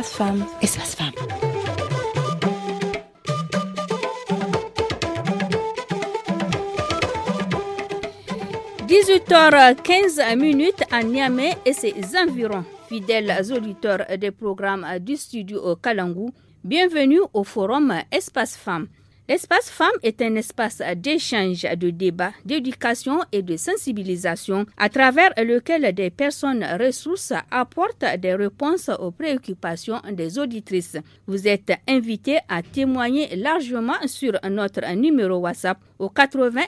Espace Femmes. Espace Femme « 18h15 à Niamey et ses environs. Fidèles auditeurs des programmes du studio Kalangou, bienvenue au forum Espace Femmes. L'espace femme est un espace d'échange, de débat, d'éducation et de sensibilisation à travers lequel des personnes ressources apportent des réponses aux préoccupations des auditrices. Vous êtes invité à témoigner largement sur notre numéro WhatsApp au 80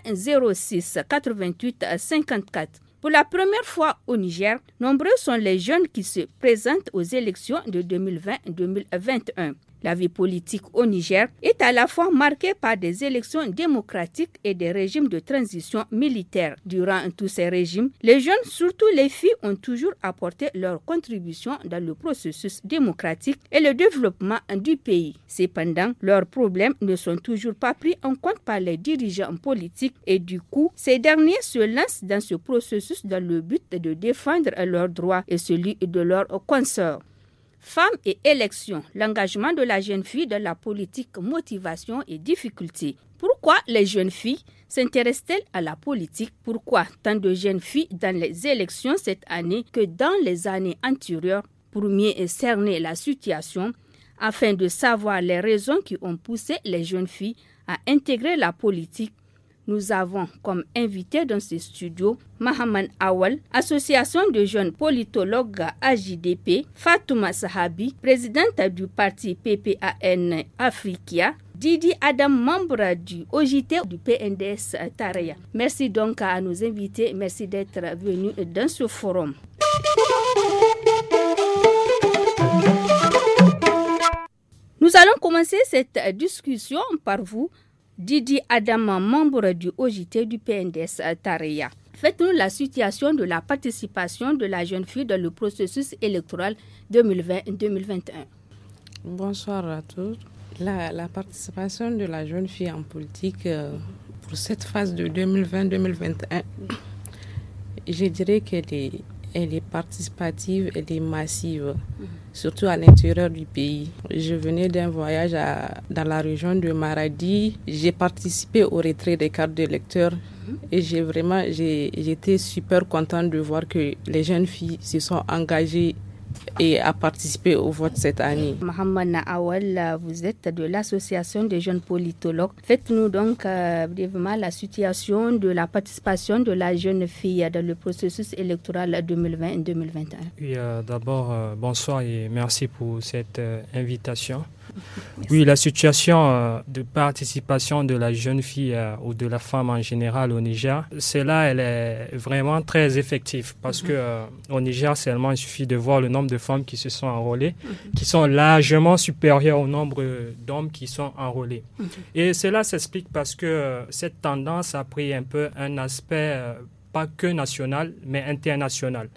06 88 54. Pour la première fois au Niger, nombreux sont les jeunes qui se présentent aux élections de 2020-2021. La vie politique au Niger est à la fois marquée par des élections démocratiques et des régimes de transition militaire. Durant tous ces régimes, les jeunes, surtout les filles, ont toujours apporté leur contribution dans le processus démocratique et le développement du pays. Cependant, leurs problèmes ne sont toujours pas pris en compte par les dirigeants politiques et du coup, ces derniers se lancent dans ce processus dans le but de défendre leurs droits et celui de leurs consorts. Femmes et élections, l'engagement de la jeune fille dans la politique, motivation et difficulté. Pourquoi les jeunes filles s'intéressent-elles à la politique Pourquoi tant de jeunes filles dans les élections cette année que dans les années antérieures Pour mieux cerner la situation, afin de savoir les raisons qui ont poussé les jeunes filles à intégrer la politique, nous avons comme invité dans ce studio Mahaman Awal, association de jeunes politologues AJDP, Fatouma Sahabi, présidente du parti PPAN Africa, Didi Adam, membre du OJT du PNDS Taraya. Merci donc à nos invités, merci d'être venus dans ce forum. Nous allons commencer cette discussion par vous, Didi Adama, membre du OJT du PNDS Tareya. Faites-nous la situation de la participation de la jeune fille dans le processus électoral 2020-2021. Bonsoir à tous. La, participation de la jeune fille en politique euh, pour cette phase de 2020-2021, je dirais qu'elle est, participative, elle est massive. Mm-hmm surtout à l'intérieur du pays. Je venais d'un voyage dans la région de Maradi. J'ai participé au retrait des cartes de lecteurs et j'ai vraiment, j'étais super contente de voir que les jeunes filles se sont engagées et à participer au vote cette année. Mohamed Naawal, vous êtes de l'Association des jeunes politologues. Faites-nous donc euh, brièvement la situation de la participation de la jeune fille dans le processus électoral 2020-2021. Oui, euh, d'abord, euh, bonsoir et merci pour cette invitation. Oui, la situation euh, de participation de la jeune fille euh, ou de la femme en général au Niger, cela elle est vraiment très effective parce qu'au mm-hmm. que euh, au Niger seulement, il suffit de voir le nombre de femmes qui se sont enrôlées, mm-hmm. qui sont largement supérieures au nombre d'hommes qui sont enrôlés. Mm-hmm. Et cela s'explique parce que cette tendance a pris un peu un aspect pas que national, mais international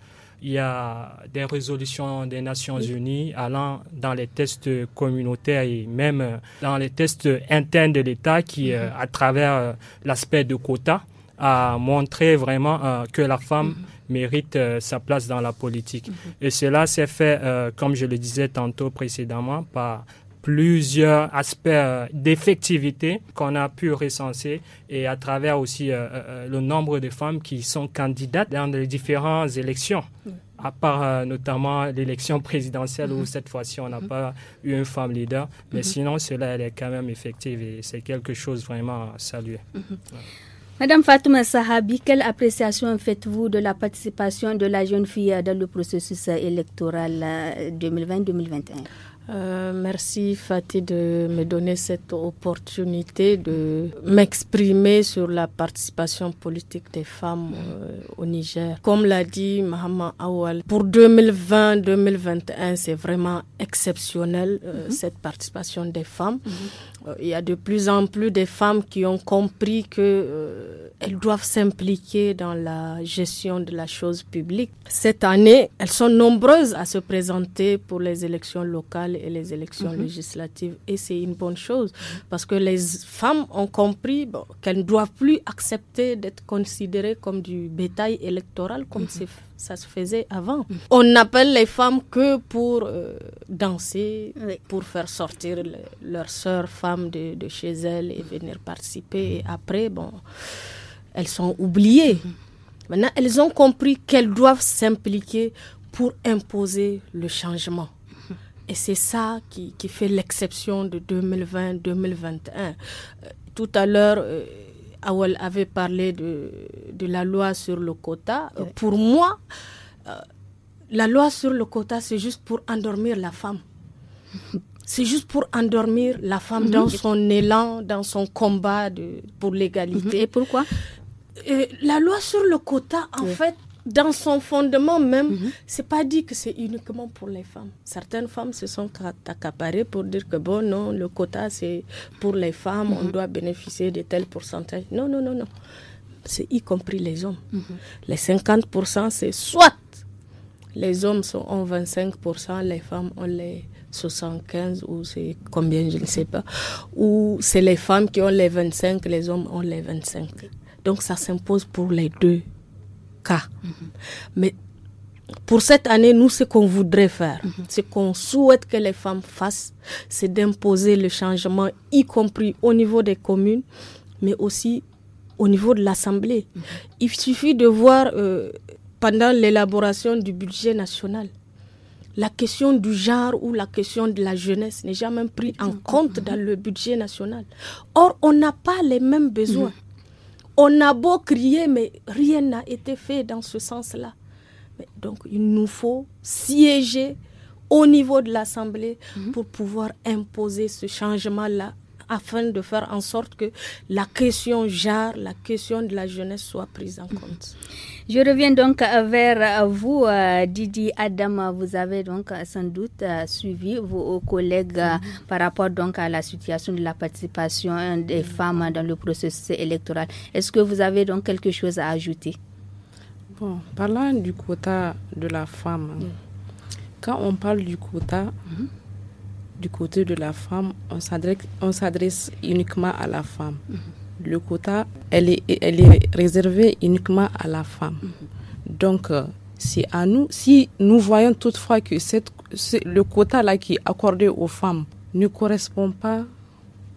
il y a des résolutions des Nations Unies allant dans les tests communautaires et même euh, dans les tests internes de l'État qui, mhm. euh, à travers euh, l'aspect de quotas, a montré vraiment que la femme mhm. mérite sa place dans la politique. Mhm. Et cela s'est fait, comme je le disais tantôt précédemment, par plusieurs aspects euh, d'effectivité qu'on a pu recenser et à travers aussi euh, euh, le nombre de femmes qui sont candidates dans les différentes élections. Mm. à part notamment l'élection présidentielle où mm-hmm. cette fois-ci on n'a mm-hmm. pas eu une femme leader, mais mm-hmm. sinon cela elle est quand même effective et c'est quelque chose vraiment à saluer. Madame Fatouma Sahabi, quelle appréciation faites-vous de la participation de la jeune fille dans le processus électoral 2020-2021 euh, merci Fatih de me donner cette opportunité de m'exprimer sur la participation politique des femmes euh, au Niger. Comme l'a dit Mahama Awal, pour 2020-2021, c'est vraiment exceptionnel euh, mhm. cette participation des femmes. Mhm. Il y a de plus en plus de femmes qui ont compris que elles doivent s'impliquer dans la gestion de la chose publique. Cette année, elles sont nombreuses à se présenter pour les élections locales et les élections mhm. législatives. Et c'est une bonne chose parce que les femmes ont compris qu'elles ne doivent plus accepter d'être considérées comme du bétail électoral comme mhm. ça se faisait avant. On n'appelle les femmes que pour euh, danser, pour faire sortir leurs sœurs femmes de, chez elles et venir participer. Et après, bon, elles sont oubliées. Mhm. Maintenant, elles ont compris qu'elles doivent s'impliquer pour imposer le changement. Et c'est ça qui, fait l'exception de 2020-2021. Euh, tout à l'heure, euh, Awol avait parlé de, la loi sur le quota. Euh, pour moi, la loi sur le quota, c'est juste pour endormir la femme. C'est juste pour endormir la femme mhm. dans son élan, dans son combat de, pour l'égalité. Mhm. Et pourquoi La loi sur le quota, en fait, dans son fondement même, mhm. c'est pas dit que c'est uniquement pour les femmes. Certaines femmes se sont accaparées pour dire que bon, non, le quota c'est pour les femmes, on mhm. doit bénéficier de tel pourcentage. Non, non, non, non. C'est y compris les hommes. Mhm. Les 50%, c'est soit les hommes sont, ont 25%, les femmes ont les 75 ou c'est combien, je ne sais pas. Ou c'est les femmes qui ont les 25, les hommes ont les 25. Donc ça s'impose pour les deux cas. Mais pour cette année, nous, ce qu'on voudrait faire, mhm. ce qu'on souhaite que les femmes fassent, c'est d'imposer le changement, y compris au niveau des communes, mais aussi au niveau de l'Assemblée. Mhm. Il suffit de voir, euh, pendant l'élaboration du budget national, la question du genre ou la question de la jeunesse n'est jamais pris en mhm. compte dans le budget national. Or, on n'a pas les mêmes besoins. On a beau crier, mais rien n'a été fait dans ce sens-là. Donc, il nous faut siéger au niveau de l'Assemblée mhm. pour pouvoir imposer ce changement-là afin de faire en sorte que la question jarre, la question de la jeunesse soit prise en compte. Je reviens donc vers euh, vous, euh, Didi Adam. Vous avez donc euh, sans doute suivi vos collègues par rapport donc à la situation de la participation des femmes dans le processus électoral. Est-ce que vous avez donc quelque chose à ajouter? Bon, parlant du quota de la femme, quand on parle du quota, mhm du côté de la femme, on s'adresse uniquement à la femme. Mhm. Le quota, elle est, elle est réservée uniquement à la femme. Mhm. Donc, euh, à nous. Si nous voyons toutefois que cette, le quota-là qui est accordé aux femmes ne correspond pas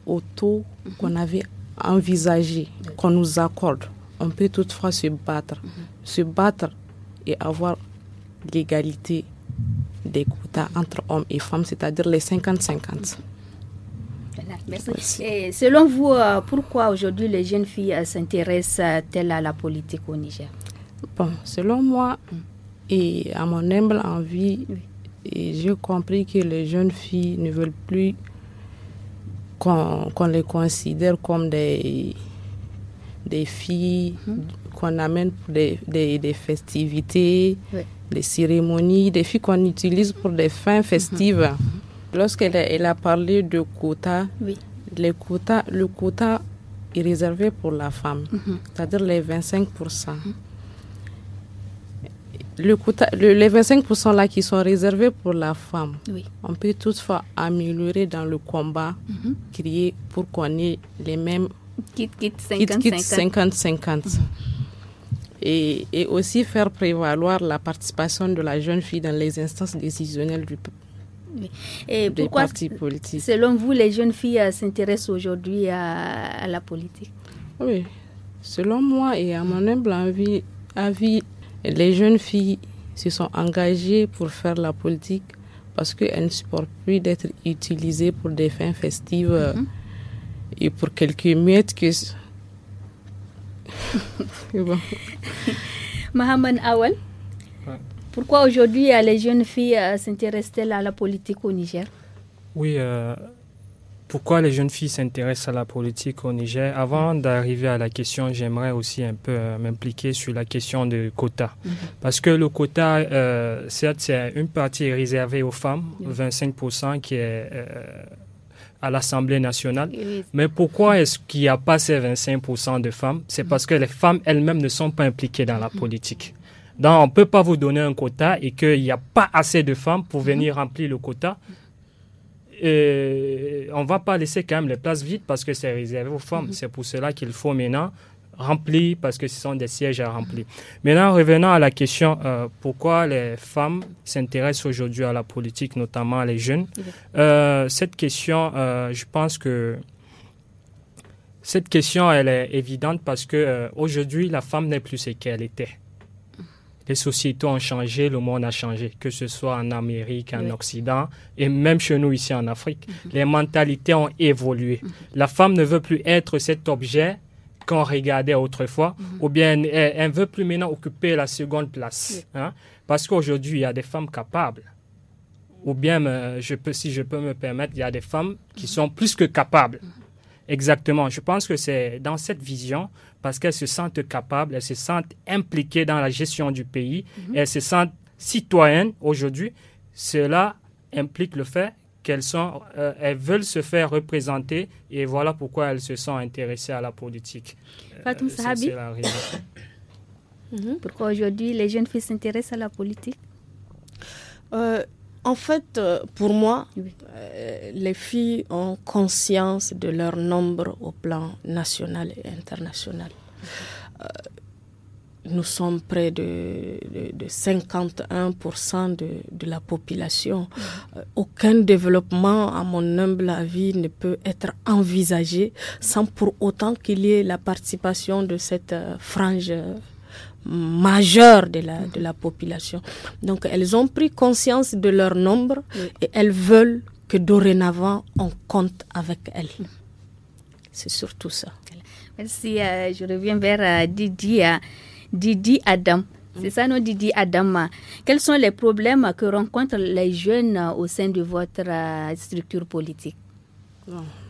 au taux mhm. qu'on avait envisagé, qu'on nous accorde, on peut toutefois se battre. Se battre et avoir l'égalité des quotas entre hommes et femmes, c'est-à-dire les 50-50. Et selon vous, euh, pourquoi aujourd'hui les jeunes filles euh, s'intéressent-elles euh, à la politique au Niger Bon, selon moi et à mon humble envie, j'ai compris que les jeunes filles ne veulent plus qu'on les considère comme des, filles, hum. qu'on amène pour des, festivités. Oui les cérémonies, des filles qu'on utilise pour des fins festives. Mhm. Mhm. Lorsqu'elle elle a parlé de quotas, les le quota est réservé pour la femme, mhm. c'est-à-dire les 25%. Le les 25% là qui sont réservés pour la femme, on peut toutefois améliorer dans le combat, crier pour qu'on ait les mêmes 50-50 et, aussi faire prévaloir la participation de la jeune fille dans les instances décisionnelles du et des partis politiques. Selon vous, les jeunes filles euh, s'intéressent aujourd'hui à, la politique Oui, selon moi et à mon humble avis, les jeunes filles se sont engagées pour faire la politique parce qu'elles ne supportent plus d'être utilisées pour des fins festives mhm. euh, et pour quelques miettes que Mahaman Awal, pourquoi aujourd'hui euh, les jeunes filles euh, s'intéressent-elles à la politique au Niger Oui, euh, pourquoi les jeunes filles s'intéressent à la politique au Niger Avant d'arriver à la question, j'aimerais aussi un peu m'impliquer sur la question de quota. Mhm. Parce que le quota, certes, c'est une partie réservée aux femmes, 25%, qui est à l'Assemblée nationale. Mais pourquoi est-ce qu'il n'y a pas ces 25% de femmes C'est parce que les femmes elles-mêmes ne sont pas impliquées dans la politique. Donc on ne peut pas vous donner un quota et qu'il n'y a pas assez de femmes pour venir mm-hmm. remplir le quota. Euh, on ne va pas laisser quand même les places vides parce que c'est réservé aux femmes. Mm-hmm. C'est pour cela qu'il faut maintenant remplis parce que ce sont des sièges à remplir. Maintenant, revenons à la question euh, pourquoi les femmes s'intéressent aujourd'hui à la politique, notamment les jeunes. Euh, cette question, euh, je pense que cette question, elle est évidente parce que aujourd'hui, la femme n'est plus ce qu'elle était. Les sociétés ont changé, le monde a changé, que ce soit en Amérique, en Occident et même chez nous ici en Afrique. Mhm. Les mentalités ont évolué. Mhm. La femme ne veut plus être cet objet qu'on regardait autrefois, mhm. ou bien eh, elle, ne veut plus maintenant occuper la seconde place. Hein. parce qu'aujourd'hui, il y a des femmes capables. Ou bien, euh, je peux, si je peux me permettre, il y a des femmes qui mhm. sont plus que capables. Mhm. Exactement. Je pense que c'est dans cette vision, parce qu'elles se sentent capables, elles se sentent impliquées dans la gestion du pays, elles se sentent citoyennes aujourd'hui. Cela implique le fait qu'elles sont, euh, elles veulent se faire représenter et voilà pourquoi elles se sont intéressées à la politique. Euh, mhm. pourquoi aujourd'hui les jeunes filles s'intéressent à la politique euh, En fait, pour moi, les filles ont conscience de leur nombre au plan national et international nous sommes près de, 51% de, la population. Mmh. Euh, aucun développement, à mon humble avis, ne peut être envisagé sans pour autant qu'il y ait la participation de cette euh, frange euh, majeure de la, population. Donc elles ont pris conscience de leur nombre et elles veulent que dorénavant on compte avec elles. Mmh. C'est surtout ça. Merci. je reviens vers Didier. Didi Adam. Mm. C'est ça, non, Didi Adam, Quels sont les problèmes que rencontrent les jeunes euh, au sein de votre euh, structure politique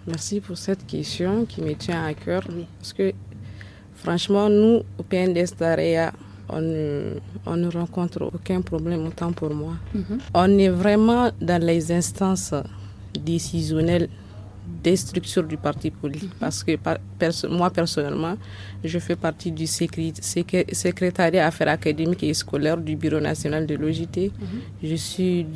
Merci pour cette question qui me tient à cœur. Parce que, franchement, nous, au PNDS d'Area, on, ne rencontre aucun problème, autant pour moi. Mm-hmm. On est vraiment dans les instances décisionnelles des structures du parti politique mhm. parce que moi personnellement, je fais partie du secrétariat affaires académiques et scolaires du Bureau national de l'OJT. Mhm. Je suis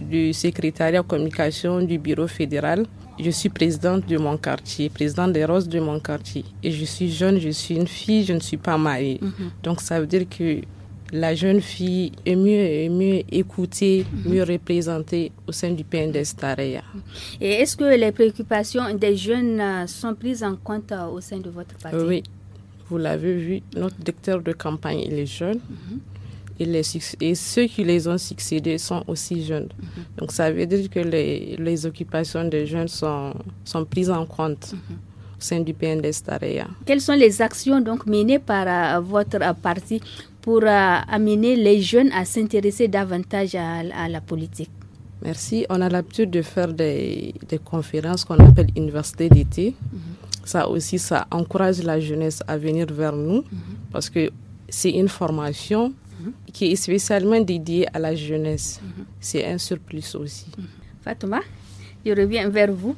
du secrétariat communication du Bureau fédéral. Je suis présidente de mon quartier, présidente des Roses de mon quartier. Et je suis jeune, je suis une fille, je ne suis pas mariée. Mhm. Donc ça veut dire que la jeune fille est mieux, mieux écoutée, mhm. mieux représentée au sein du PNDS Tareya. Et est-ce que les préoccupations des jeunes euh, sont prises en compte euh, au sein de votre parti Oui, vous l'avez vu, notre directeur de campagne, est jeune. Mhm. Et, les, et, ceux qui les ont succédés sont aussi jeunes. Mhm. Donc ça veut dire que les, les, occupations des jeunes sont, sont prises en compte. au sein du PNDS Tareya. Quelles sont les actions donc menées par euh, votre parti pour euh, amener les jeunes à s'intéresser davantage à, la politique Merci. On a l'habitude de faire des, conférences qu'on appelle université d'été. Mhm. Ça aussi, ça encourage la jeunesse à venir vers nous mhm. parce que c'est une formation mhm. qui est spécialement dédiée à la jeunesse. C'est un surplus aussi. Fatouma, je reviens vers vous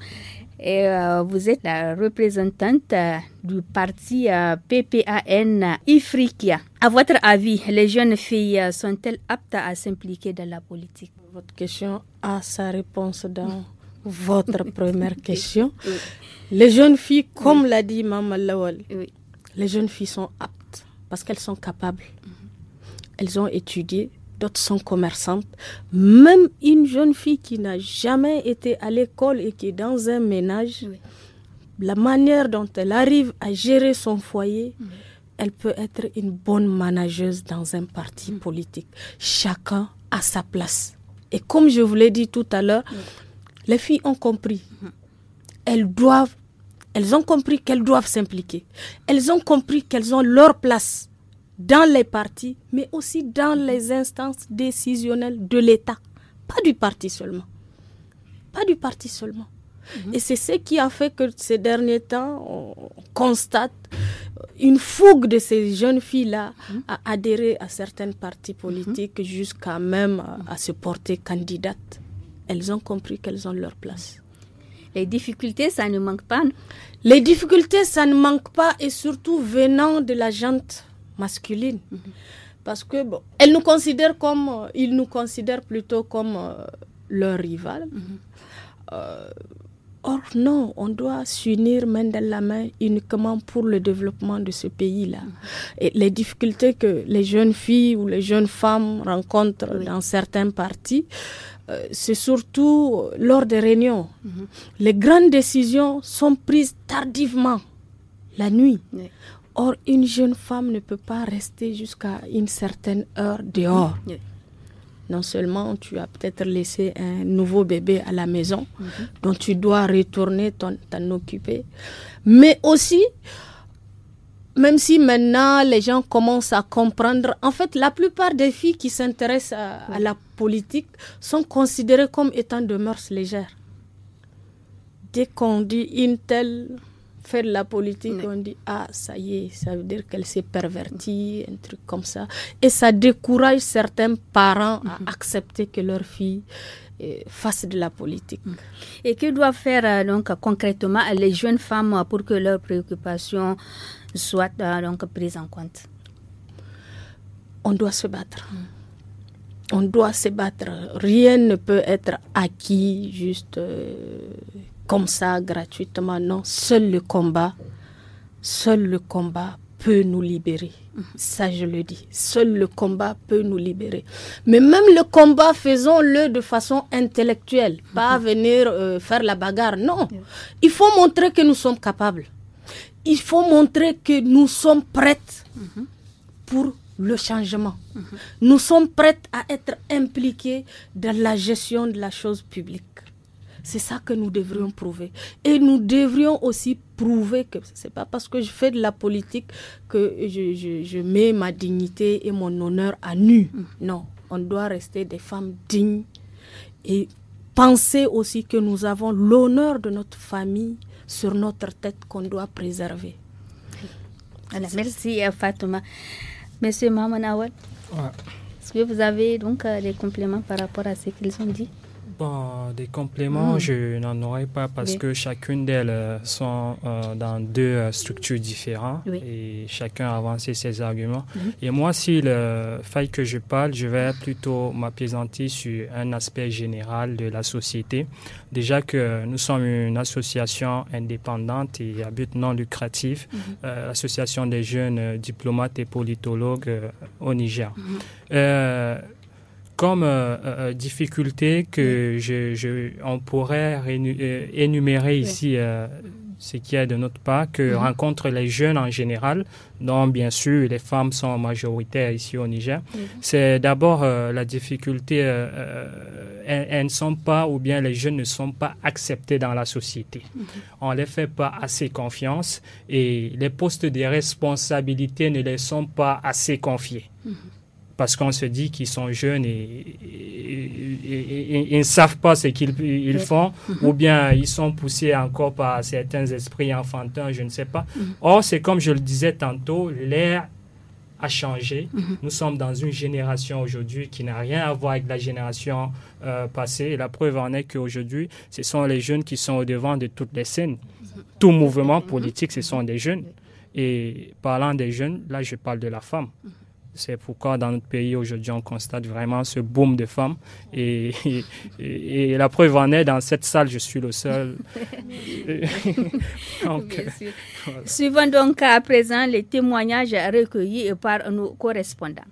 et euh, vous êtes la représentante euh, du parti euh, PPAN Ifriqia À votre avis, les jeunes filles sont-elles aptes à s'impliquer dans la politique Votre question a sa réponse dans votre première question. Les jeunes filles, comme l'a dit Maman Lawal, les jeunes filles sont aptes parce qu'elles sont capables. Mhm. Elles ont étudié, sont commerçantes. Même une jeune fille qui n'a jamais été à l'école et qui est dans un ménage, la manière dont elle arrive à gérer son foyer, elle peut être une bonne manageuse dans un parti politique. Chacun a sa place. Et comme je vous l'ai dit tout à l'heure, les filles ont compris. Mhm. Elles doivent, elles ont compris qu'elles doivent s'impliquer. Elles ont compris qu'elles ont leur place dans les partis, mais aussi dans les instances décisionnelles de l'État. Pas du parti seulement. Pas du parti seulement. Mhm. Et c'est ce qui a fait que ces derniers temps, on constate une fougue de ces jeunes filles-là mhm. à adhérer à certaines partis politiques mhm. jusqu'à même à se porter candidate. Elles ont compris qu'elles ont leur place. Les difficultés, ça ne manque pas. Les difficultés, ça ne manque pas, et surtout venant de la gente masculine. Mhm. Parce que bon, nous considèrent comme, euh, nous considèrent plutôt comme euh, leur rival. Mhm. Euh, or non, on doit s'unir main dans la main uniquement pour le développement de ce pays-là. Mhm. Et les difficultés que les jeunes filles ou les jeunes femmes rencontrent dans certains partis, c'est surtout lors des réunions. Les grandes décisions sont prises tardivement, la nuit. Oui Or, une jeune femme ne peut pas rester jusqu'à une certaine heure dehors. Non seulement tu as peut-être laissé un nouveau bébé à la maison, mhm. dont tu dois retourner t'en occuper, mais aussi, même si maintenant les gens commencent à comprendre, en fait, la plupart des filles qui s'intéressent à, à la politique sont considérées comme étant de mœurs légères. Dès qu'on dit une telle faire de la politique, on dit ah ça y est, ça veut dire qu'elle s'est pervertie, un truc comme ça, et ça décourage certains parents à mhm. accepter que leur fille euh, fasse de la politique. Et que doivent faire euh, donc concrètement les jeunes femmes pour que leurs préoccupations soient euh, donc prises en compte On doit se battre. Mm. On doit se battre. Rien ne peut être acquis juste comme ça gratuitement. Non, seul le combat, seul le combat peut nous libérer. Ça, je le dis. Seul le combat peut nous libérer. Mais même le combat, faisons-le de façon intellectuelle, pas mhm. venir euh, faire la bagarre. Non, il faut montrer que nous sommes capables. Il faut montrer que nous sommes prêtes mhm. pour le changement. Mhm. Nous sommes prêtes à être impliqués dans la gestion de la chose publique. C'est ça que nous devrions prouver. Et nous devrions aussi prouver que ce n'est pas parce que je fais de la politique que je, mets ma dignité et mon honneur à nu. Mm. Non, on doit rester des femmes dignes et penser aussi que nous avons l'honneur de notre famille sur notre tête qu'on doit préserver. merci euh, Fatouma. Monsieur Mamanawal, est-ce que vous avez donc euh, des compléments par rapport à ce qu'ils ont dit Bon, des compléments, hmm. je n'en aurai pas parce que chacune d'elles euh, sont euh, dans deux euh, structures différentes et chacun a avancé ses arguments. Mhm. Et moi, si le faille que je parle, je vais plutôt m'apaisanter sur un aspect général de la société. Déjà que nous sommes une association indépendante et à but non lucratif, association mhm. l'association des jeunes diplomates et politologues au Niger mhm comme euh, euh, difficulté que je, on pourrait euh, énumérer ici ce qu'il y a de notre part, que mhm. rencontrent les jeunes en général, dont bien sûr les femmes sont majoritaires ici au Niger, c'est d'abord la difficulté, elles, ne sont pas, ou bien les jeunes ne sont pas acceptés dans la société. Mhm. On ne les fait pas assez confiance et les postes de responsabilité ne les sont pas assez confiés. Mhm parce qu'on se dit qu'ils sont jeunes et, ils ne savent pas ce qu'ils ils font, mhm. ou bien ils sont poussés encore par certains esprits enfantins, je ne sais pas. Mhm. Or, c'est comme je le disais tantôt, l'air a changé. Mhm. Nous sommes dans une génération aujourd'hui qui n'a rien à voir avec la génération euh, passée. la preuve en est qu'aujourd'hui, ce sont les jeunes qui sont au devant de toutes les scènes. Tout mouvement politique, ce sont des jeunes. Et parlant des jeunes, là, je parle de la femme. C'est pourquoi dans notre pays aujourd'hui, on constate vraiment ce boom de femmes. Et, la preuve en est, dans cette salle, je suis le seul. Suivons donc à présent les témoignages recueillis par nos correspondants.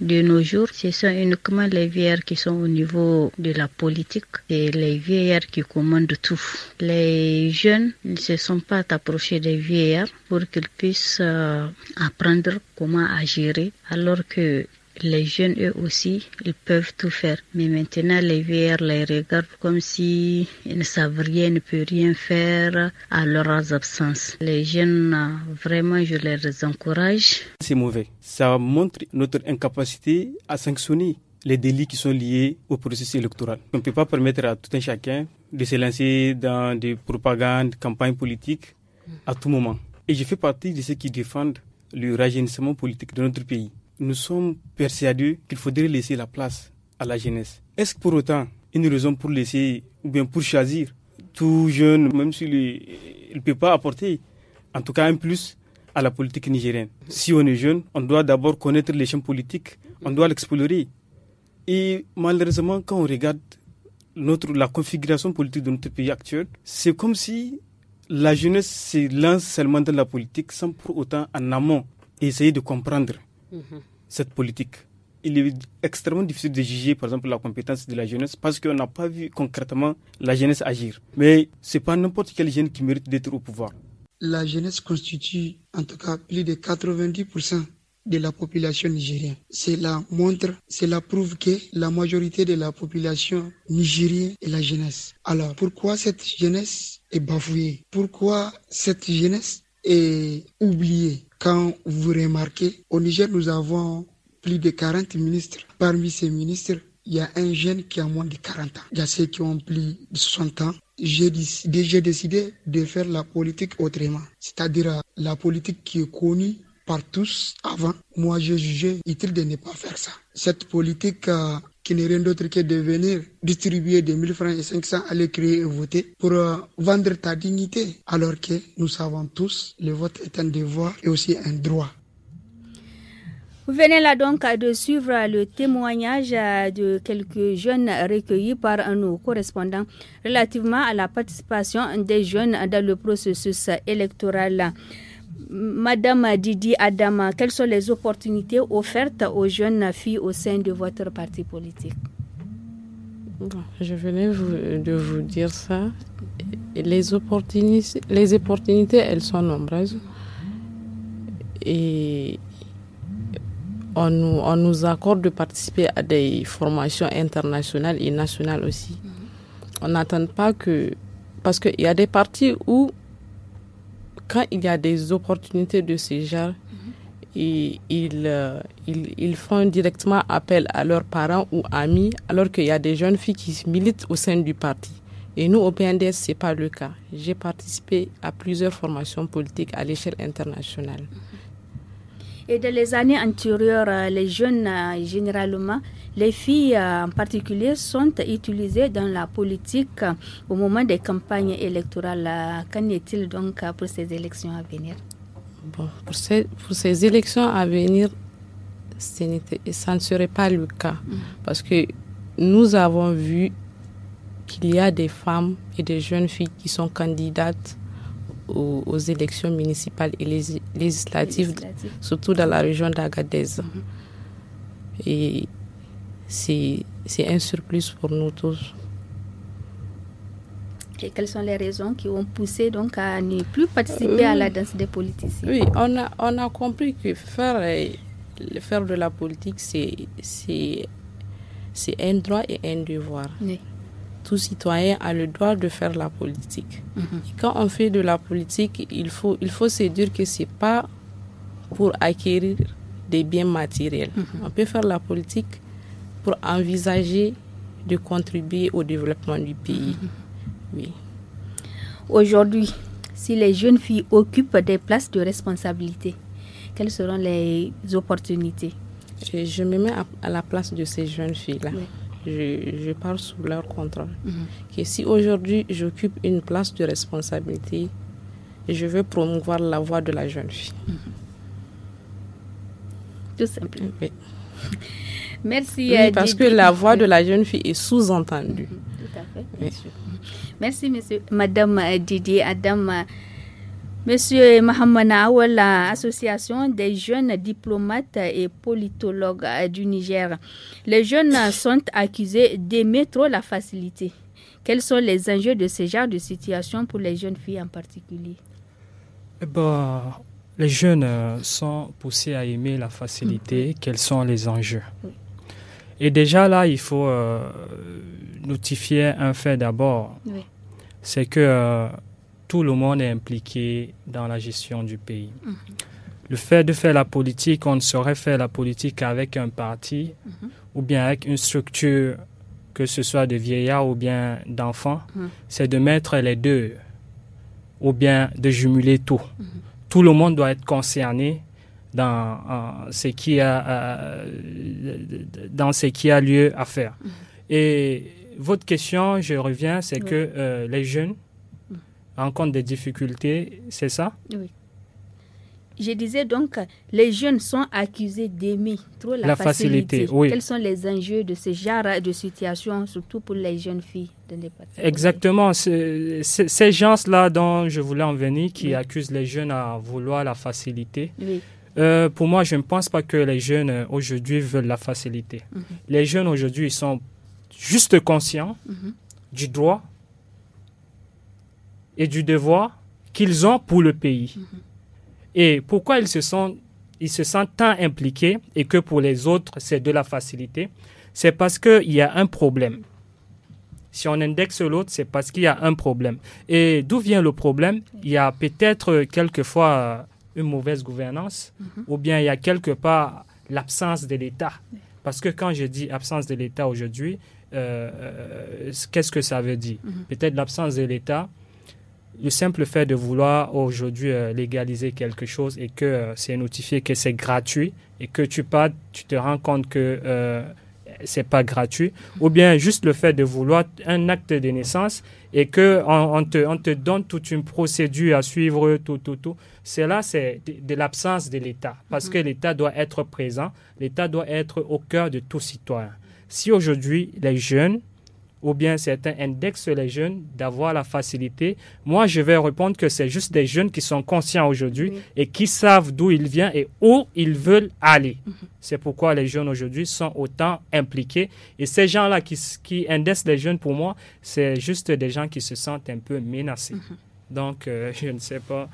De nos jours, ce sont uniquement les vieillards qui sont au niveau de la politique. et les vieillards qui commandent tout. Les jeunes ne se sont pas approchés des vieillards pour qu'ils puissent euh, apprendre comment agir alors que les jeunes, eux aussi, ils peuvent tout faire. Mais maintenant, les VR les regardent comme si ils ne savent rien, ne peuvent rien faire à leur absence. Les jeunes, vraiment, je les encourage. C'est mauvais. Ça montre notre incapacité à sanctionner les délits qui sont liés au processus électoral. On ne peut pas permettre à tout un chacun de se lancer dans des propagandes, campagnes politiques à tout moment. Et je fais partie de ceux qui défendent le rajeunissement politique de notre pays nous sommes persuadés qu'il faudrait laisser la place à la jeunesse. Est-ce pour autant une raison pour laisser ou bien pour choisir tout jeune, même s'il ne peut pas apporter, en tout cas un plus à la politique nigérienne Si on est jeune, on doit d'abord connaître les champs politiques, on doit l'explorer. Et malheureusement, quand on regarde notre, la configuration politique de notre pays actuel, c'est comme si la jeunesse se lance seulement dans la politique sans pour autant en amont essayer de comprendre Mm-hmm. cette politique. Il est extrêmement difficile de juger, par exemple, la compétence de la jeunesse parce qu'on n'a pas vu concrètement la jeunesse agir. Mais ce n'est pas n'importe quel jeune qui mérite d'être au pouvoir. La jeunesse constitue en tout cas plus de 90% de la population nigérienne. Cela montre, cela prouve que la majorité de la population nigérienne est la jeunesse. Alors pourquoi cette jeunesse est bafouée Pourquoi cette jeunesse est oubliée quand vous remarquez, au Niger, nous avons plus de 40 ministres. Parmi ces ministres, il y a un jeune qui a moins de 40 ans. Il y a ceux qui ont plus de 60 ans. J'ai décidé, de faire la politique autrement, c'est-à-dire la politique qui est connue par tous avant. Moi, j'ai jugé utile de ne pas faire ça. Cette politique, euh, qui n'est rien d'autre que de venir distribuer des 1000 francs et 500, aller créer et voter pour euh, vendre ta dignité, alors que nous savons tous, le vote est un devoir et aussi un droit. Vous venez là donc de suivre le témoignage euh, de quelques jeunes recueillis par nos correspondants relativement à la participation des jeunes dans le processus électoral. Madame Didi Adama, quelles sont les opportunités offertes aux jeunes filles au sein de votre parti politique Je venais de vous dire ça. Les opportunités, elles sont nombreuses. Et on nous, on nous accorde de participer à des formations internationales et nationales aussi. Mhm. On n'attend pas que... Parce qu'il y a des partis où quand il y a des opportunités de ce genre, euh, ils, font directement appel à leurs parents ou amis, alors qu'il y a des jeunes filles qui militent au sein du parti. Et nous, au PNDS, ce n'est pas le cas. J'ai participé à plusieurs formations politiques à l'échelle internationale. Et dans les années antérieures, euh, les jeunes, euh, généralement, les filles euh, en particulier sont utilisées dans la politique au moment des campagnes électorales. Euh, qu'en est-il donc euh, pour ces élections à venir pour, ces, élections à venir, ce ça ne serait pas le cas mm. parce que nous avons vu qu'il y a des femmes et des jeunes filles qui sont candidates aux, élections municipales et législatives, surtout dans la région d'Agadez. Mm-hmm. Et c'est un surplus pour nous tous. Et quelles sont les raisons qui ont poussé donc à ne plus participer à la euh, danse des politiciens Oui, on a, on a compris que faire, euh, faire de la politique, c'est un droit et un devoir. Tout citoyen a le droit de faire la politique. Mhm. Quand on fait de la politique, il faut, il faut se dire que ce n'est pas pour acquérir des biens matériels. Mhm. On peut faire la politique pour envisager de contribuer au développement du pays. Mhm. Oui. Aujourd'hui, si les jeunes filles occupent des places de responsabilité, quelles seront les opportunités je, me mets à, la place de ces jeunes filles-là. Je, parle sous leur contrôle. Mhm. si aujourd'hui j'occupe une place de responsabilité, je veux promouvoir la voix de la jeune fille. Mhm. Tout simplement. Merci. Euh, parce que la voix de la jeune fille est sous-entendue. Mm-hmm. Tout à fait, Merci, monsieur, madame euh, Didier Adam. Euh, monsieur Mohamed Association l'association des jeunes diplomates et politologues du Niger. Les jeunes sont accusés d'aimer trop la facilité. Quels sont les enjeux de ce genre de situation pour les jeunes filles en particulier eh ben, Les jeunes sont poussés à aimer la facilité. Mm-hmm. Quels sont les enjeux et déjà là, il faut euh, notifier un fait d'abord. C'est que euh, tout le monde est impliqué dans la gestion du pays. Mhm. Le fait de faire la politique, on ne saurait faire la politique avec un parti mhm. ou bien avec une structure, que ce soit de vieillards ou bien d'enfants. Mhm. C'est de mettre les deux ou bien de jumeler tout. Tout le monde doit être concerné dans, ce qui a, euh, dans ce qui a lieu à faire. Mm-hmm. Et votre question, je reviens, c'est que euh, les jeunes rencontrent des difficultés, c'est ça Oui. Je disais donc, les jeunes sont accusés d'aimer trop la, facilité. oui. Quels sont les enjeux de ce genre de situation, surtout pour les jeunes filles Exactement. Ces gens-là dont je voulais en venir, qui accusent les jeunes à vouloir la facilité, oui. Euh, pour moi, je ne pense pas que les jeunes euh, aujourd'hui veulent la facilité. Mhm. Les jeunes aujourd'hui, ils sont juste conscients mhm. du droit et du devoir qu'ils ont pour le pays. Mhm. Et pourquoi ils se, sont, ils se sentent tant impliqués et que pour les autres, c'est de la facilité C'est parce qu'il y a un problème. Si on indexe l'autre, c'est parce qu'il y a un problème. Et d'où vient le problème Il y a peut-être quelquefois une mauvaise gouvernance mhm. ou bien il y a quelque part l'absence de l'État. Parce que quand je dis absence de l'État aujourd'hui, euh, euh, qu'est-ce que ça veut dire mhm. Peut-être l'absence de l'État, le simple fait de vouloir aujourd'hui euh, légaliser quelque chose et que c'est notifié que c'est gratuit et que tu pas, tu te rends compte que ce c'est pas gratuit, ou bien juste le fait de vouloir un acte de naissance et que on, on, te, on te donne toute une procédure à suivre, tout, tout, tout. Cela, c'est de, l'absence de l'État, parce que mhm. l'État doit être présent, l'État doit être au cœur de tout citoyen. Si aujourd'hui, les jeunes, ou bien certains indexent les jeunes d'avoir la facilité, moi, je vais répondre que c'est juste des jeunes qui sont conscients aujourd'hui et qui savent d'où ils viennent et où ils veulent aller. Mhm. C'est pourquoi les jeunes aujourd'hui sont autant impliqués. Et ces gens-là qui indexent les jeunes, pour moi, c'est juste des gens qui se sentent un peu menacés. Mhm. Donc, euh, je ne sais pas.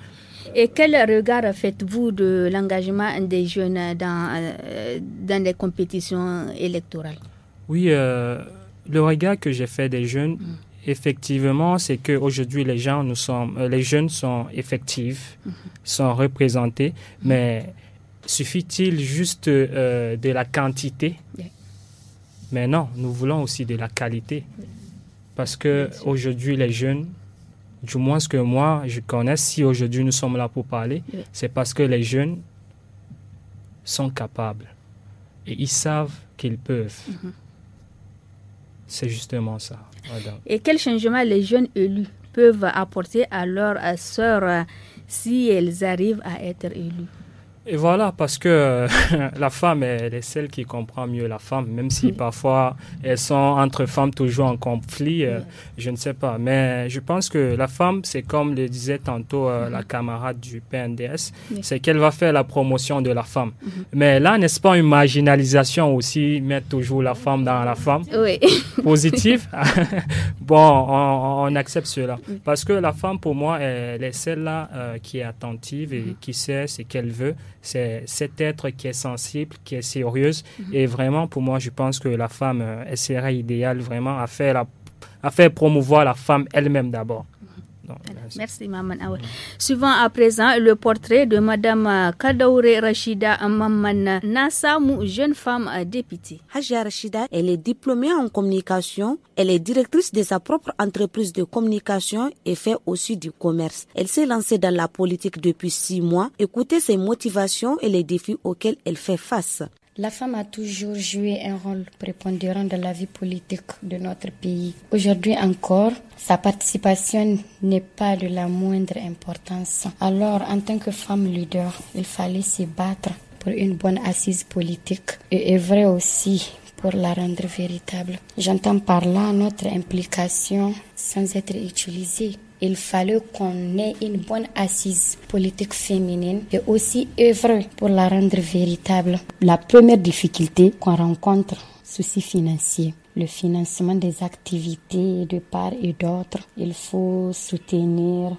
Et quel regard faites-vous de l'engagement des jeunes dans, euh, dans les compétitions électorales Oui, euh, le regard que j'ai fait des jeunes, mm. effectivement, c'est qu'aujourd'hui, les, gens, nous les jeunes sont effectifs, mm-hmm. sont représentés, mm-hmm. mais suffit-il juste de la quantité Mais non, nous voulons aussi de la qualité. Parce que aujourd'hui, les jeunes du moins ce que moi je connais, si aujourd'hui nous sommes là pour parler, c'est parce que les jeunes sont capables et ils savent qu'ils peuvent. Mhm. C'est justement ça. Et quel changement les jeunes élus peuvent apporter à leurs sœurs euh, si elles arrivent à être élues et voilà, parce que euh, la femme, elle est celle qui comprend mieux la femme, même si parfois elles sont entre femmes toujours en conflit, euh, je ne sais pas. Mais je pense que la femme, c'est comme le disait tantôt euh, la mm-hmm. camarade du PNDS, c'est qu'elle va faire la promotion de la femme. Mm-hmm. Mais là, n'est-ce pas une marginalisation aussi, mettre toujours la femme dans la femme Oui. Positif Bon, on, on, accepte cela. Parce que la femme, pour moi, elle est celle-là qui est attentive et mm-hmm. qui sait ce qu'elle veut c'est cet être qui est sensible, qui est sérieuse. Mhm. Et vraiment, pour moi, je pense que la femme, euh, elle serait idéale vraiment à faire, à faire promouvoir la femme elle-même d'abord. Merci, Maman Suivant à présent le portrait de Madame Kadaure Rachida Maman Nassamou, jeune femme députée. Hajia Rachida, elle est diplômée en communication. Elle est directrice de sa propre entreprise de communication et fait aussi du commerce. Elle s'est lancée dans la politique depuis six mois. Écoutez ses motivations et les défis auxquels elle fait face. La femme a toujours joué un rôle prépondérant dans la vie politique de notre pays. Aujourd'hui encore, sa participation n'est pas de la moindre importance. Alors, en tant que femme leader, il fallait se battre pour une bonne assise politique et est vrai aussi pour la rendre véritable. J'entends par là notre implication sans être utilisée il fallait qu'on ait une bonne assise politique féminine et aussi œuvrer pour la rendre véritable. La première difficulté qu'on rencontre, souci financier le financement des activités de part et d'autre. Il faut soutenir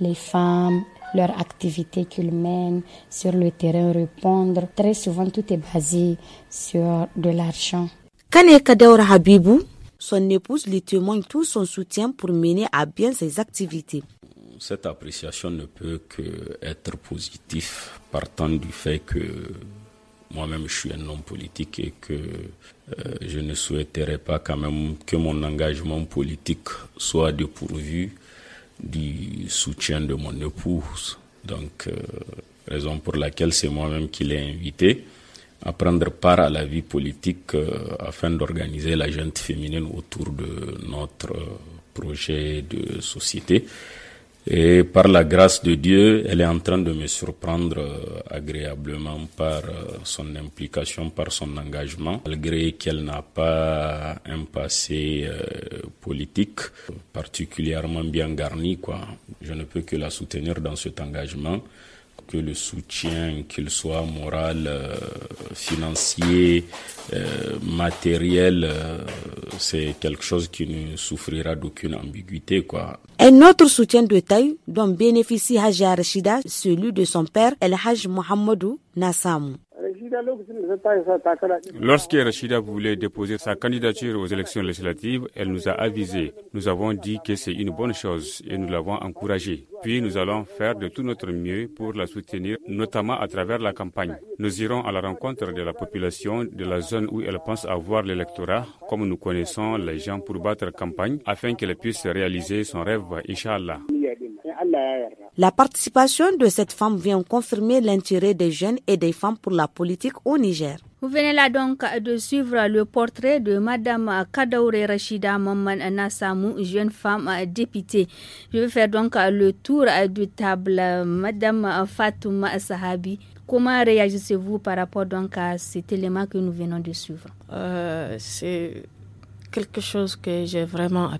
les femmes, leurs activités qu'elles mènent sur le terrain, répondre. Très souvent, tout est basé sur de l'argent. Son épouse lui témoigne tout son soutien pour mener à bien ses activités. Cette appréciation ne peut que être positive partant du fait que moi-même je suis un homme politique et que euh, je ne souhaiterais pas quand même que mon engagement politique soit dépourvu du soutien de mon épouse. Donc, euh, raison pour laquelle c'est moi-même qui l'ai invité à prendre part à la vie politique euh, afin d'organiser la gente féminine autour de notre euh, projet de société. Et par la grâce de Dieu, elle est en train de me surprendre euh, agréablement par son implication, par son engagement, malgré qu'elle n'a pas un passé politique particulièrement bien garni. Quoi. Je ne peux que la soutenir dans cet engagement que le soutien, qu'il soit moral, euh, financier, euh, matériel, euh, c'est quelque chose qui ne souffrira d'aucune ambiguïté. Quoi. Un autre soutien de taille dont bénéficie Haji Arashida, celui de son père, El Haj Mohamedou Nassam. Lorsque Rachida voulait déposer sa candidature aux élections législatives, elle nous a avisé. Nous avons dit que c'est une bonne chose et nous l'avons encouragée. Puis nous allons faire de tout notre mieux pour la soutenir, notamment à travers la campagne. Nous irons à la rencontre de la population de la zone où elle pense avoir l'électorat, comme nous connaissons les gens pour battre campagne, afin qu'elle puisse réaliser son rêve, Inch'Allah. La participation de cette femme vient confirmer l'intérêt des jeunes et des femmes pour la politique au Niger. Vous venez là donc de suivre le portrait de Madame Kadaure Rachida Maman Nassamou, jeune femme députée. Je vais faire donc le tour du table. Madame Fatouma Sahabi, comment réagissez-vous par rapport donc à cet élément que nous venons de suivre euh, C'est quelque chose que j'ai vraiment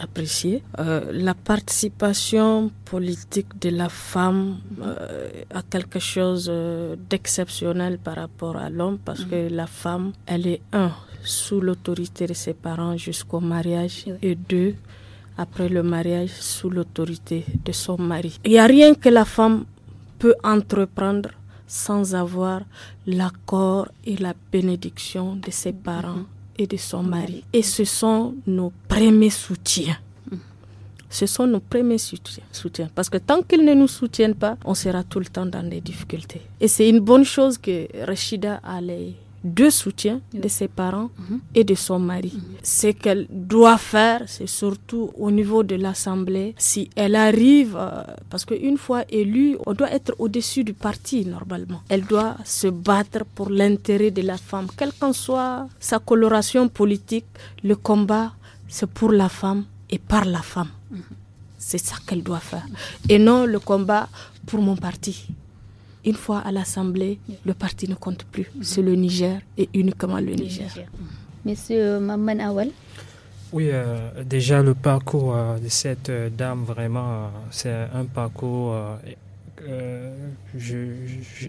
apprécié. Euh, la participation politique de la femme euh, à a quelque chose euh, d'exceptionnel par rapport à l'homme parce mm. que la femme, elle est un, sous l'autorité de ses parents jusqu'au mariage et deux, après le mariage, sous l'autorité de son mari. Il n'y a rien que la femme peut entreprendre sans avoir l'accord et la bénédiction de ses mm. parents et de son mari. Et ce sont nos premiers soutiens. Ce sont nos premiers soutiens. Parce que tant qu'ils ne nous soutiennent pas, on sera tout le temps dans des difficultés. Et c'est une bonne chose que Rachida allait de soutien de ses parents mm-hmm. et de son mari. Mm-hmm. Ce qu'elle doit faire, c'est surtout au niveau de l'Assemblée, si elle arrive, euh, parce qu'une fois élue, on doit être au-dessus du parti normalement. Elle doit se battre pour l'intérêt de la femme, quelle qu'en soit sa coloration politique, le combat, c'est pour la femme et par la femme. Mm-hmm. C'est ça qu'elle doit faire. Et non le combat pour mon parti une fois à l'Assemblée, le parti ne compte plus. C'est le Niger et uniquement le Niger. Monsieur Maman Awal oui, euh, déjà le parcours euh, de cette euh, dame, vraiment, c'est un parcours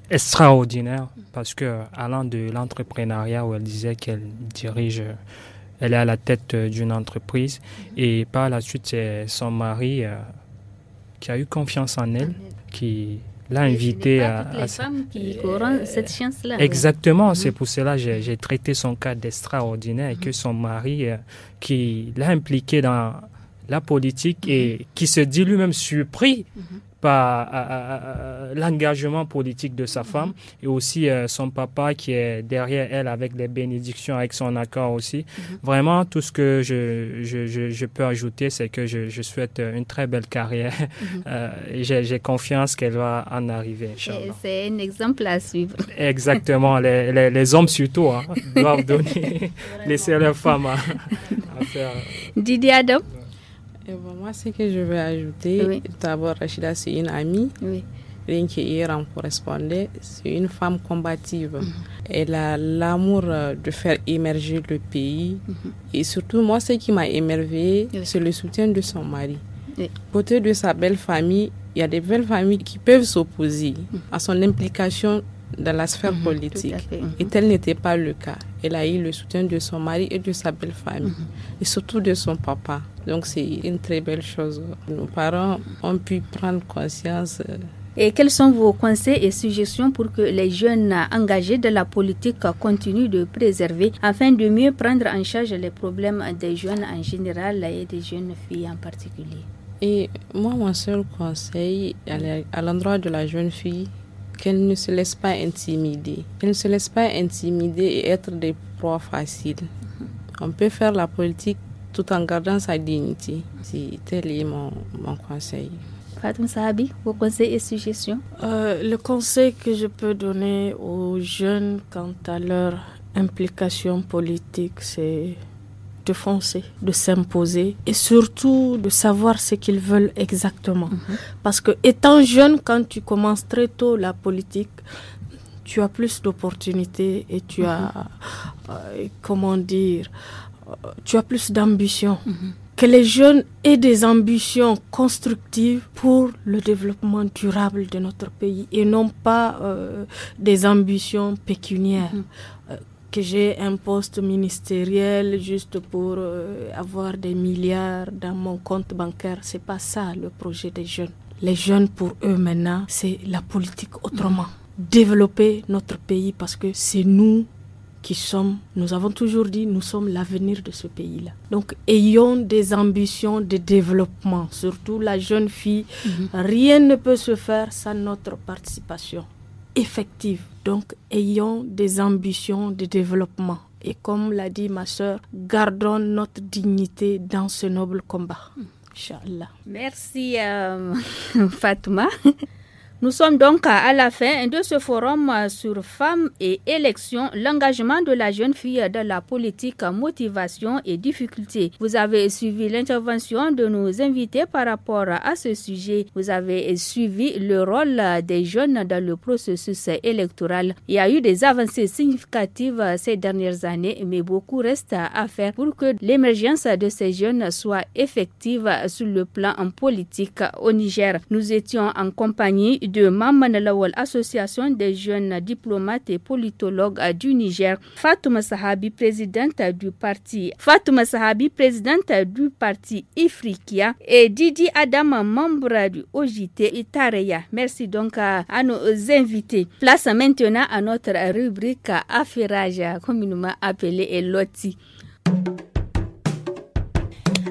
extraordinaire parce que allant de l'entrepreneuriat où elle disait qu'elle dirige, elle est à la tête d'une entreprise et par la suite c'est son mari qui a eu confiance en elle, qui l'a invité à, qui cette chance-là. Exactement, c'est mhm. pour cela que j'ai traité son cas d'extraordinaire et que mhm. son mari, euh, qui l'a impliqué dans la politique et mhm. qui se dit lui-même surpris par euh, euh, euh, l'engagement politique de sa femme mhm. et aussi son papa qui est derrière elle avec les bénédictions, avec son accord aussi. Mhm. Vraiment, tout ce que je, je, je, peux ajouter, c'est que je, je, souhaite une très belle carrière. Mhm. J'ai confiance qu'elle va en arriver. C'est un exemple à suivre. Exactement. les, les, hommes surtout hein, doivent donner, laisser leurs femmes faire. Didier Adam, moi, ce que je veux ajouter, d'abord, Rachida, c'est une amie. Oui. Rien hier, en correspondait, c'est une femme combative. Mhm. Elle a l'amour euh, de faire émerger le pays. Mhm. Et surtout, moi, ce qui m'a émerveillée, c'est le soutien de son mari. Côté de sa belle famille, il y a des belles familles qui peuvent s'opposer mhm. à son implication dans la sphère politique. Et tel n'était pas le cas. Elle a eu le soutien de son mari et de sa belle famille, et surtout de son papa. Donc c'est une très belle chose. Nos parents ont pu prendre conscience. Euh, et quels sont vos conseils et suggestions pour que les jeunes engagés de la politique continuent de préserver afin de mieux prendre en charge les problèmes des jeunes en général et des jeunes filles en particulier Et moi, mon seul conseil à l'endroit de la jeune fille, qu'elle ne se laisse pas intimider. Qu'elle ne se laisse pas intimider et être des proies faciles. On peut faire la politique tout en gardant sa dignité. C'est tel est mon, conseil. Sahabi, vos conseils et suggestions euh, Le conseil que je peux donner aux jeunes quant à leur implication politique, c'est de foncer, de s'imposer et surtout de savoir ce qu'ils veulent exactement. Mhm. Parce que étant jeune, quand tu commences très tôt la politique, tu as plus d'opportunités et tu mhm. as, euh, comment dire, tu as plus d'ambition. Mhm. Que les jeunes aient des ambitions constructives pour le développement durable de notre pays et non pas euh, des ambitions pécuniaires. Mhm. Euh, que j'ai un poste ministériel juste pour euh, avoir des milliards dans mon compte bancaire, c'est pas ça le projet des jeunes. Les jeunes pour eux maintenant, c'est la politique autrement. Mhm. développer notre pays parce que c'est nous qui sommes, nous avons toujours dit, nous sommes l'avenir de ce pays-là. Donc, ayons des ambitions de développement, surtout la jeune fille. Mhm. Rien ne peut se faire sans notre participation effective. Donc, ayons des ambitions de développement. Et comme l'a dit ma sœur, gardons notre dignité dans ce noble combat. Mhm. Inch'Allah. Merci, euh, Fatouma. Nous sommes donc à la fin de ce forum euh, sur femmes et élections, l'engagement de la jeune fille dans la politique, motivation et difficultés. Vous avez suivi l'intervention de nos invités par rapport à ce sujet. Vous avez suivi le rôle des jeunes dans le processus électoral. Il y a eu des avancées significatives euh, ces dernières années, mais beaucoup reste à faire pour que l'émergence de ces jeunes soit effective sur le plan euh, politique au Niger. Nous étions en compagnie de Lawal Association des jeunes diplomates et politologues du Niger. Fatouma Sahabi, présidente du parti. Fatouma présidente du parti Ifriqiya et Didi Adama, membre du OJT Itareya. Merci donc à, nos invités. Place maintenant à notre rubrique affairage, communément appelée Eloti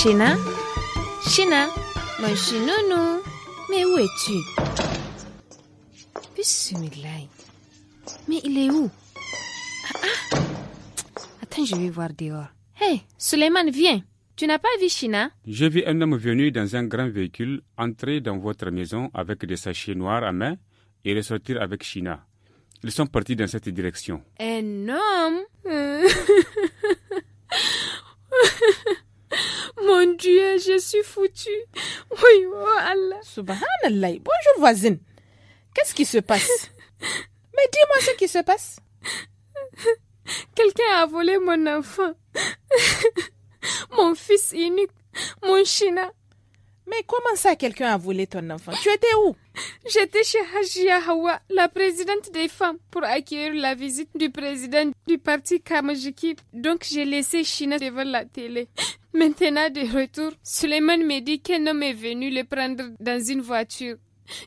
China China, Mon non. Mais où es-tu Mais il est où ah, ah. Attends, je vais voir dehors. Hé, hey, Suleiman, viens. Tu n'as pas vu China J'ai vu un homme venu dans un grand véhicule entrer dans votre maison avec des sachets noirs à main et ressortir avec China. Ils sont partis dans cette direction. Un homme Mon Dieu, je suis foutue. Oui, oh Allah. Subhanallah. Bonjour, voisine. Qu'est-ce qui se passe Mais dis-moi ce qui se passe. Quelqu'un a volé mon enfant. mon fils unique. Mon china. Mais comment ça quelqu'un a volé ton enfant Tu étais où J'étais chez Hajia Hawa, la présidente des femmes, pour accueillir la visite du président du parti Kamajiki. Donc j'ai laissé China devant la télé. Maintenant de retour, Suleiman me dit qu'un homme est venu le prendre dans une voiture.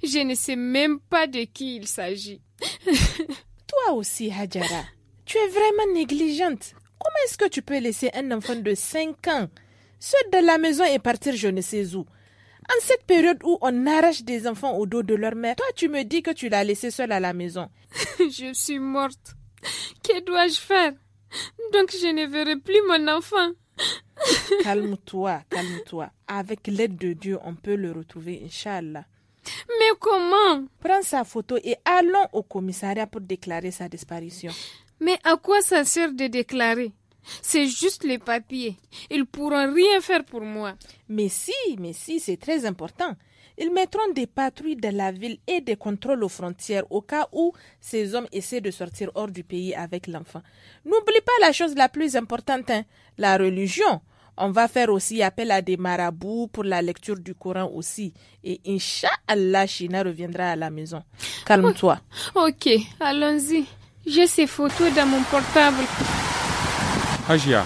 Je ne sais même pas de qui il s'agit. Toi aussi, Hajara, tu es vraiment négligente. Comment est-ce que tu peux laisser un enfant de 5 ans seul de la maison et partir je ne sais où en cette période où on arrache des enfants au dos de leur mère, toi tu me dis que tu l'as laissé seule à la maison. je suis morte. Que dois-je faire Donc je ne verrai plus mon enfant. calme-toi, calme-toi. Avec l'aide de Dieu, on peut le retrouver, Inch'Allah. Mais comment Prends sa photo et allons au commissariat pour déclarer sa disparition. Mais à quoi ça sert de déclarer c'est juste les papiers. Ils pourront rien faire pour moi. Mais si, mais si, c'est très important. Ils mettront des patrouilles dans la ville et des contrôles aux frontières au cas où ces hommes essaient de sortir hors du pays avec l'enfant. N'oublie pas la chose la plus importante, hein, la religion. On va faire aussi appel à des marabouts pour la lecture du Coran aussi. Et Inch'Allah, China reviendra à la maison. Calme-toi. Ok, allons-y. J'ai ces photos dans mon portable. Hajia,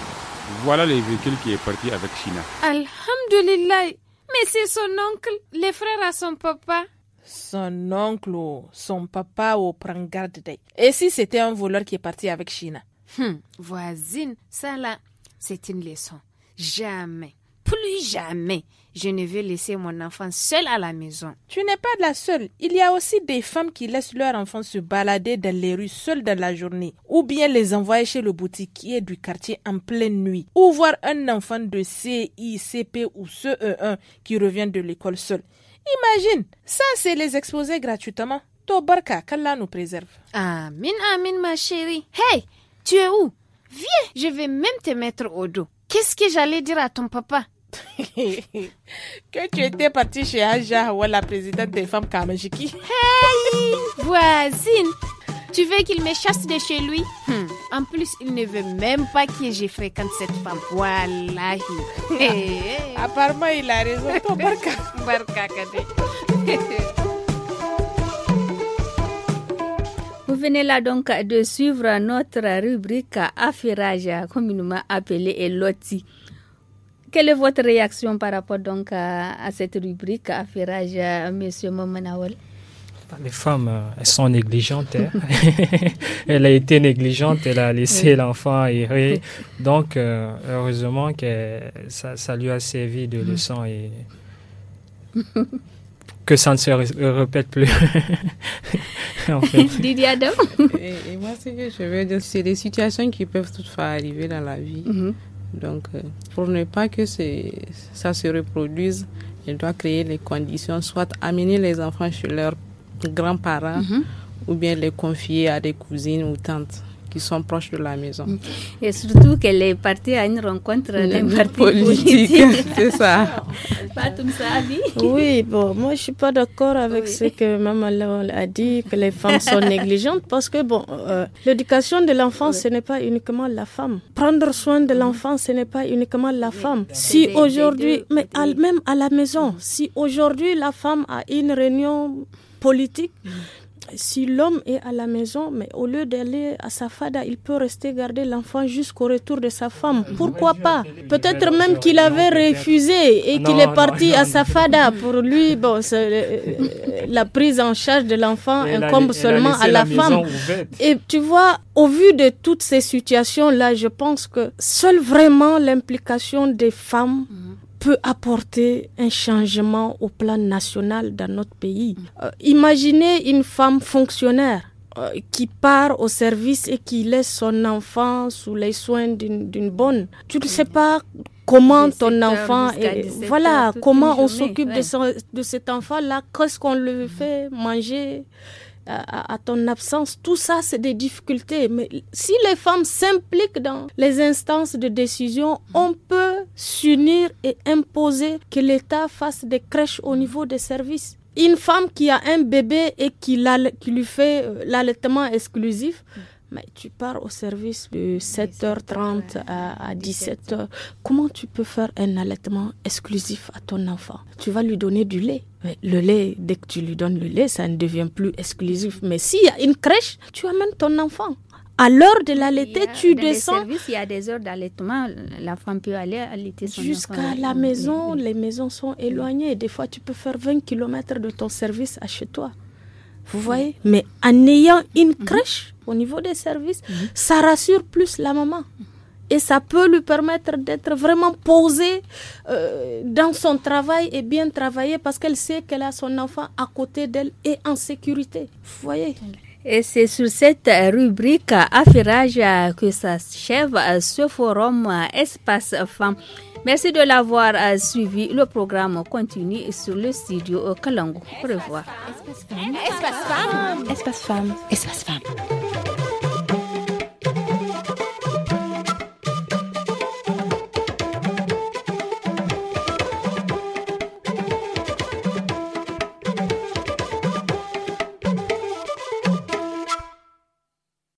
voilà le véhicule qui est parti avec China. Alhamdulillah, mais c'est son oncle, les frères à son papa. Son oncle, son papa, au prend garde d'eux. Et si c'était un voleur qui est parti avec China Hum, voisine, ça là, c'est une leçon. Jamais plus jamais je ne veux laisser mon enfant seul à la maison. Tu n'es pas la seule. Il y a aussi des femmes qui laissent leur enfant se balader dans les rues seules dans la journée, ou bien les envoyer chez le boutiquier du quartier en pleine nuit, ou voir un enfant de CICP ou CE1 qui revient de l'école seul. Imagine, ça c'est les exposer gratuitement. Tobarka, qu'Allah nous préserve. Amin, amin, ma chérie. Hey, tu es où Viens, je vais même te mettre au dos. Qu'est-ce que j'allais dire à ton papa que tu étais partie chez Aja ou la présidente des femmes Kamajiki. Hey Voisine Tu veux qu'il me chasse de chez lui hmm. En plus, il ne veut même pas que j'ai fréquente cette femme. Voilà. Apparemment, il a raison. Vous venez là donc de suivre notre rubrique affirage, communément appelée Eloti quelle est votre réaction par rapport donc à, cette rubrique à euh, Monsieur bah, les femmes, euh, elles sont négligentes. Hein. elle a été négligente, elle a laissé l'enfant errer. Donc, euh, heureusement que ça, lui a servi de mm. leçon et que ça ne se répète plus. en Didier Et, moi, ce que je veux dire, c'est des situations qui peuvent toutefois arriver dans la vie. Mm-hmm. Donc, euh, pour ne pas que ça se reproduise, il doit créer les conditions, soit amener les enfants chez leurs grands-parents mhm. ou bien les confier à des cousines ou tantes. Ils sont proches de la maison. Mm. Et surtout qu'elle est partie à une rencontre d'un politique. C'est ça. Pas tout ça, Oui, bon, moi je suis pas d'accord avec ce que Maman a dit, que les femmes sont négligentes, parce que bon, euh, l'éducation de l'enfant, ce n'est pas uniquement la femme. Prendre soin de l'enfant, ce n'est pas uniquement la femme. Si aujourd'hui, mais même à la maison, si aujourd'hui la femme a une réunion politique, mm si l'homme est à la maison, mais au lieu d'aller à Safada, il peut rester garder l'enfant jusqu'au retour de sa femme. Pourquoi pas Peut-être même qu'il avait refusé et qu'il est parti à Safada. Pour lui, bon, euh, euh, la prise en charge de l'enfant incombe seulement à la femme. Et tu vois, au vu de toutes ces situations-là, je pense que seule vraiment l'implication des femmes mhm peut apporter un changement au plan national dans notre pays. Euh, imaginez une femme fonctionnaire euh, qui part au service et qui laisse son enfant sous les soins d'une bonne. Tu ne sais pas comment ton enfant est, voilà, comment on s'occupe de, de, cet enfant-là, qu'est-ce qu'on lui mhm. fait manger à, ton absence. Tout ça, c'est des difficultés. Mais si les femmes s'impliquent dans les instances de décision, on peut s'unir et imposer que l'État fasse des crèches au niveau des services une femme qui a un bébé et qui lui fait euh, l'allaitement exclusif, mais tu pars au service de 7h30 à, 17h. Comment tu peux faire un allaitement exclusif à ton enfant Tu vas lui donner du lait. le lait, dès que tu lui donnes le lait, ça ne devient plus exclusif. Mais s'il y a une crèche, tu amènes ton enfant. À l'heure de l'allaiter, tu dans descends. Les il y a des heures d'allaitement. La femme peut aller allaiter son Jusqu'à la maison, les maisons sont éloignées. des fois, tu peux faire 20 km de ton service à chez toi. Vous voyez Mais en ayant une mhm. crèche, au niveau des services, mhm. ça rassure plus la maman. Et ça peut lui permettre d'être vraiment posée euh, dans son travail et bien travailler parce qu'elle sait qu'elle a son enfant à côté d'elle et en sécurité. voyez et c'est sur cette rubrique Affirage que s'achève euh, ce forum euh, Espace Femmes. Merci de l'avoir euh, suivi. Le programme continue sur le studio Kalango. Au revoir. Espace femme. Espace femme. Espace femme. Espace femme.